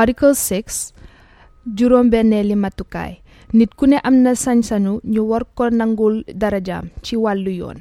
article 6 juróom li matukaay nit ku ne am na sañsañu ñu war ko nangul darajaam ci wàllu yoon